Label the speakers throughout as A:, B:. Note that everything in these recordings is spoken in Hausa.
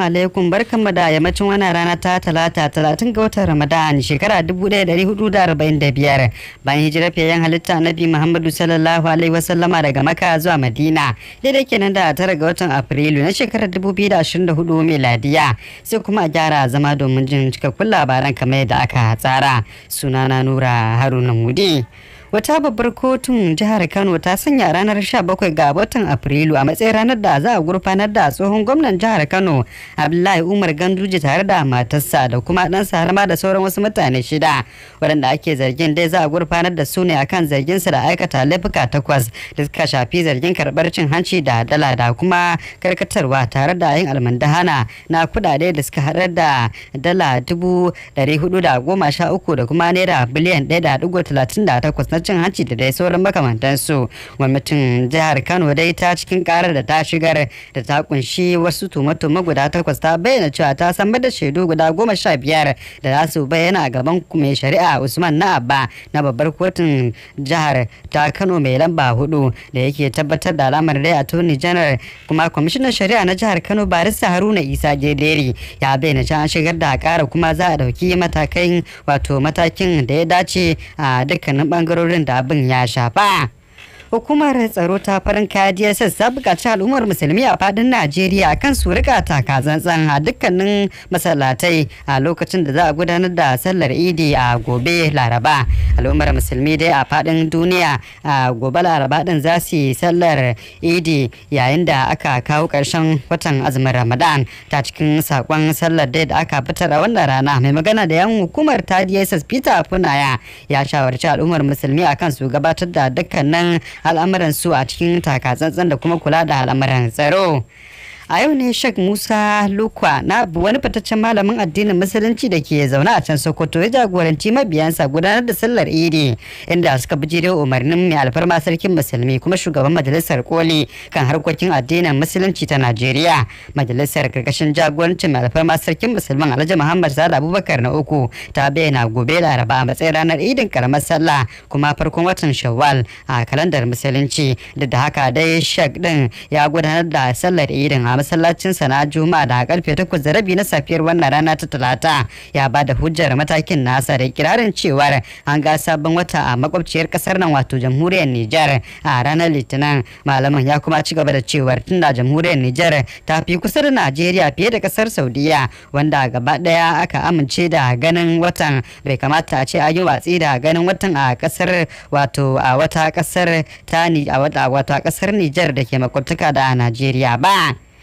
A: alaikum barkanmu da yammacin wannan rana ta talata talatin ga watan ramadan shekara dubu da da dari hudu arba'in biyar bayan hijirar fiyayyen halitta nabi muhammadu sallallahu alaihi wasallama daga maka zuwa madina daidai kenan da tara ga watan afrilu na shekarar mai ladiya sai kuma a gyara zama domin jin cikakkun labaran kamar yadda aka tsara sunana nura haruna mudi wata babbar kotun jihar kano ta sanya ranar 17 ga watan afrilu a matsayin ranar da za a gurfanar da tsohon gwamnan jihar kano abdullahi umar ganduje tare da matarsa da kuma ɗansa har da sauran wasu mutane shida waɗanda ake zargin dai za a gurfanar da su ne akan zarginsa da aikata laifuka takwas da suka shafi zargin karbar cin hanci da dala da kuma karkatarwa tare da yin almandahana na kuɗaɗe da suka haɗar da dala dubu ɗari da goma sha uku da kuma naira biliyan ɗaya da talatin da takwas na na cin hanci da dai sauran makamantansu gwamnatin jihar kano dai ta cikin karar da ta shigar da ta kunshi wasu tume-tume guda takwas ta bayyana cewa ta samar da shaidu guda goma sha biyar da za su bayyana a gaban mai shari'a usman na abba na babbar kotun jihar ta kano mai lamba hudu da yake tabbatar da alamar dai tony general kuma kwamishinan shari'a na jihar kano barista haruna isa jederi ya bayyana cewa an shigar da kara kuma za a dauki matakan wato matakin da ya dace a dukkanin bangarori wurin da abin ya shafa Hukumar tsaro ta farin kaya DSS ta bukaci al'ummar musulmi a faɗin Najeriya kan su rika taka tsantsan a dukkanin masallatai a lokacin da za a gudanar da sallar Idi a gobe Laraba. Al'ummar musulmi dai a faɗin duniya a gobe Laraba din za su yi sallar Idi yayin da aka kawo karshen watan azumin Ramadan ta cikin sakon sallar dai da aka fitar a wannan rana mai magana da yan hukumar ta DSS Peter Funaya ya shawarci al'ummar musulmi akan su gabatar da dukkanin al'amuran su a cikin takatsantsan da kuma kula da al'amuran tsaro a yau ne shek musa lukwa na wani fitaccen malamin addinin musulunci da ke zaune a can sokoto ya jagoranci mabiyansa gudanar da sallar idi inda suka bi bijire umarnin mai alfarma sarkin musulmi kuma shugaban majalisar koli kan harkokin addinin musulunci ta najeriya majalisar karkashin jagorancin mai alfarma sarkin musulmin, alhaji muhammad sada abubakar na uku ta bayyana gobe laraba a matsayin ranar idin karamar sallah kuma farkon watan shawwal a kalandar musulunci duk da haka dai shek din ya gudanar da sallar idin a masallacin sa na Juma'a da karfe 8 da rabi na safiyar wannan rana ta Talata ya ba da hujjar matakin nasa da kirarin cewar an ga sabon wata a makwabciyar kasar nan wato jamhuriyar Nijar a ranar Litinin malaman ya kuma ci gaba da cewar tunda jamhuriyar Nijar ta fi kusa da Najeriya fiye da kasar Saudiya wanda gaba daya aka amince da ganin watan bai kamata a ce a yi watsi da ganin watan a kasar wato a wata kasar ta ni a wata kasar Nijar da ke makwabtaka da Najeriya ba.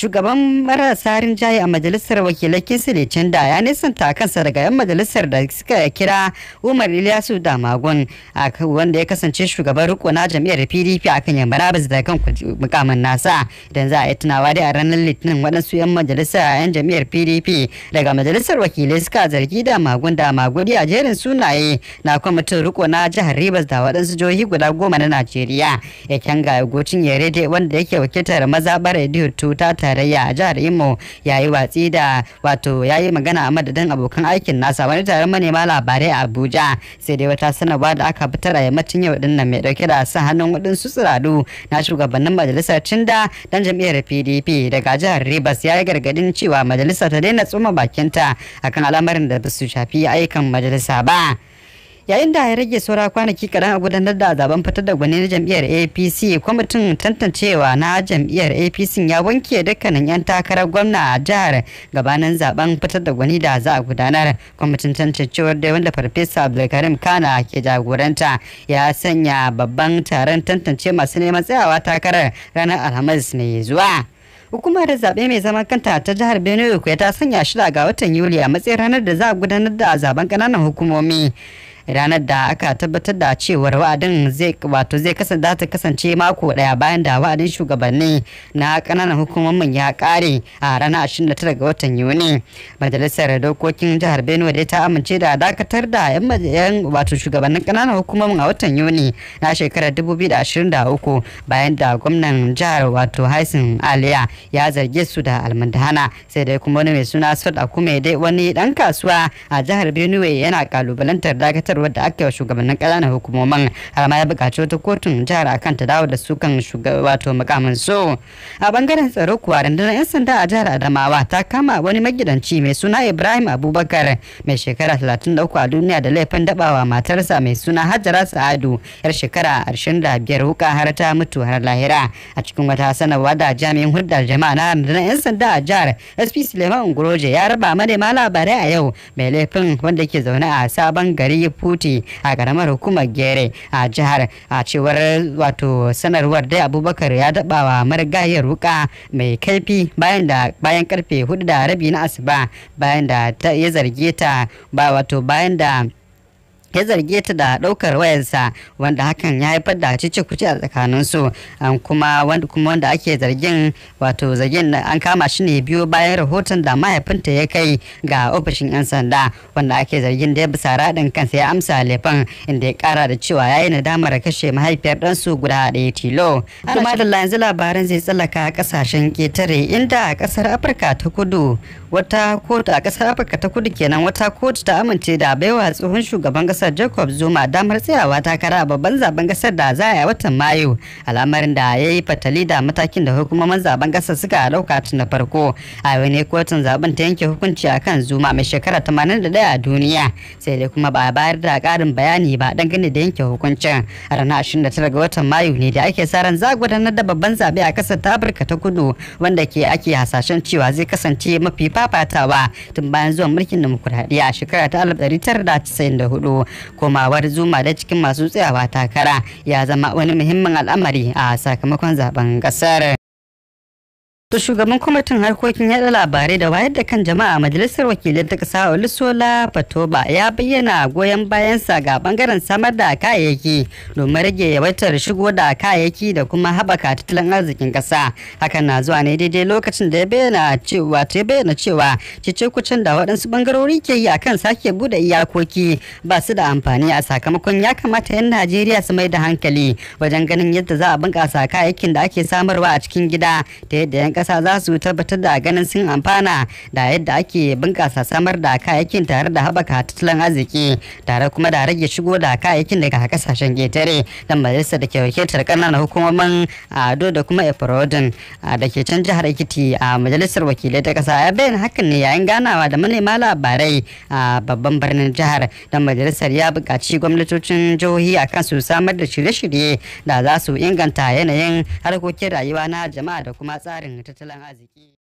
A: shugaban marasa rinjaye a majalisar wakilai can da ya nisanta kansa daga 'yan majalisar da suka kira umar ilyasu da magun wanda ya kasance shugaban riko na jam'iyyar pdp a kan yamma rabis da kan mukamin nasa idan za a yi tunawa dai a ranar litinin waɗansu 'yan a 'yan jam'iyyar pdp daga majalisar wakilai suka zargi da magun da Magun a jerin sunaye na kwamitin riko na jihar ribas da waɗansu jihohi guda goma na najeriya ya kyanga gocin yare wanda yake wakiltar mazaɓar rediyo tuta ta tarayya a jihar Imo yayi watsi da wato yayi magana a madadin abokan aikin nasa wani taron manema labarai a Abuja sai dai wata sanarwa da aka fitar a yammacin yau din mai dauke da sa hannun wadin su tsiradu na shugabannin majalisar Tinda dan jam'iyyar PDP daga jihar Rivers yayi gargadin cewa majalisa ta daina tsoma bakinta akan al'amarin da ba su shafi aikan majalisa ba. yayin da ya rage saura kwanaki kadan a gudanar da zaben fitar da gwani na jam'iyyar apc kwamitin tantancewa na jam'iyyar apc ya wanke dukkanin 'yan takarar gwamna a jihar gabanin zaben fitar da gwani da za a gudanar kwamitin tantancewar da wanda farfesa abdulkarim kana ke jagoranta ya sanya babban taron tantance masu neman tsayawa takarar ranar alhamis ne zuwa hukumar zaɓe mai zaman kanta ta jihar benue ta sanya shida ga watan yuli a matsayin ranar da za a gudanar da zaben ƙananan hukumomi ranar da aka tabbatar da cewar wa'adin zai wato zai kasance ta kasance mako daya bayan da wa'adin shugabanni na kananan hukumomin ya kare a ranar 29 ga watan Yuni. Majalisar dokokin jihar Benue dai ta amince da dakatar da yan wato shugabannin kananan hukumomin a watan Yuni na shekarar 2023 bayan da gwamnan jihar wato Haisin Aliya ya zarge su da almandahana sai dai kuma wani mai suna Sod Akume dai wani dan kasuwa a jihar Benue yana kalubalantar dakatar wadda aka yi shugabannin na hukumomin har ma ya bukaci wata kotun jihar akan ta dawo da su kan wato mukamin so a bangaren tsaro kuwa rundunar 'yan sanda a jihar adamawa ta kama wani magidanci mai suna ibrahim abubakar mai shekara 33 a duniya da laifin dabawa matarsa mai suna hajara sa'adu yar shekara 25 wuka har ta mutu har lahira a cikin wata sanarwa da jami'in hulɗar jama'a na rundunar 'yan sanda a jihar sp suleiman ungoroje ya raba manema labarai a yau mai laifin wanda ke zaune a sabon gari kuti a karamar hukumar gere a jihar a cewar wato sanarwar dai abubakar ya daba wa marigayar wuka mai kaifi bayan da bayan karfe hudu da rabi na asuba bayan da ya zarge ta ba wato bayan da ya zarge ta da ɗaukar wayarsa wanda hakan ya haifar da cici kuce a tsakanin su kuma wanda kuma wanda ake zargin wato zargin an kama shi ne biyo bayan rahoton da mahaifinta ya kai ga ofishin yan sanda wanda ake zargin da ya bisa radin kansa ya amsa laifin inda ya kara da cewa ya yi nadamar kashe mahaifiyar ɗansu guda ɗaya tilo kuma da yanzu labaran zai tsallaka ƙasashen ƙetare inda kasar afirka ta kudu wata kotu a ƙasar afirka ta kudu kenan wata kotu ta amince da baiwa tsohon shugaban kasar Jacob Zuma damar tsayawa takara a babban zaben kasar da za a yi watan Mayu, al'amarin da ya yi fatali da matakin da hukumomin zaben kasar suka dauka tun da farko. A wani kotun zaben ta yanke hukunci a kan Zuma mai shekara 81 a duniya, sai dai kuma ba a bayar da karin bayani ba dangane da yanke hukuncin. A ranar 29 ga watan Mayu ne da ake sa ran za da babban zabe a kasar ta Afirka ta Kudu wanda ke ake hasashen cewa zai kasance mafi fafatawa tun bayan zuwan mulkin demokuraɗiyya a shekara ta 1994 komawar zuma da cikin masu tsayawa takara ya zama wani muhimmin al'amari a sakamakon zaben kasar To shugaban kwamitin harkokin yada labarai da wayar da kan jama'a majalisar wakilai ta kasa Olusola Fatoba ya bayyana goyon bayansa ga bangaren samar da kayayyaki domin rage yawaitar shigo da kayayyaki da kuma haɓaka tattalin arzikin kasa. Hakan na zuwa ne daidai lokacin da ya bayyana cewa ta bayyana cewa cece kucin da waɗansu bangarori ke yi akan sake bude iyakoki ba su da amfani a sakamakon ya kamata 'yan Najeriya su mai da hankali wajen ganin yadda za a bunƙasa kayayyakin da ake samarwa a cikin gida ta yadda 'yan kasa za su tabbatar da ganin sun amfana da yadda ake bunƙasa samar da kayayyakin tare da haɓaka tattalin arziki tare kuma da rage shigo da kayayyakin daga kasashen ƙetare da majalisar da ke wakiltar ƙananan hukumomin ado da kuma efrodin da ke can jihar ekiti a majalisar wakilai ta kasa ya bayyana hakan ne yayin ganawa da manema labarai a babban birnin jihar da majalisar ya buƙaci gwamnatocin jihohi kan su samar da shirye-shirye da za su inganta yanayin harkokin rayuwa na jama'a da kuma tsarin tattalin lah, arziki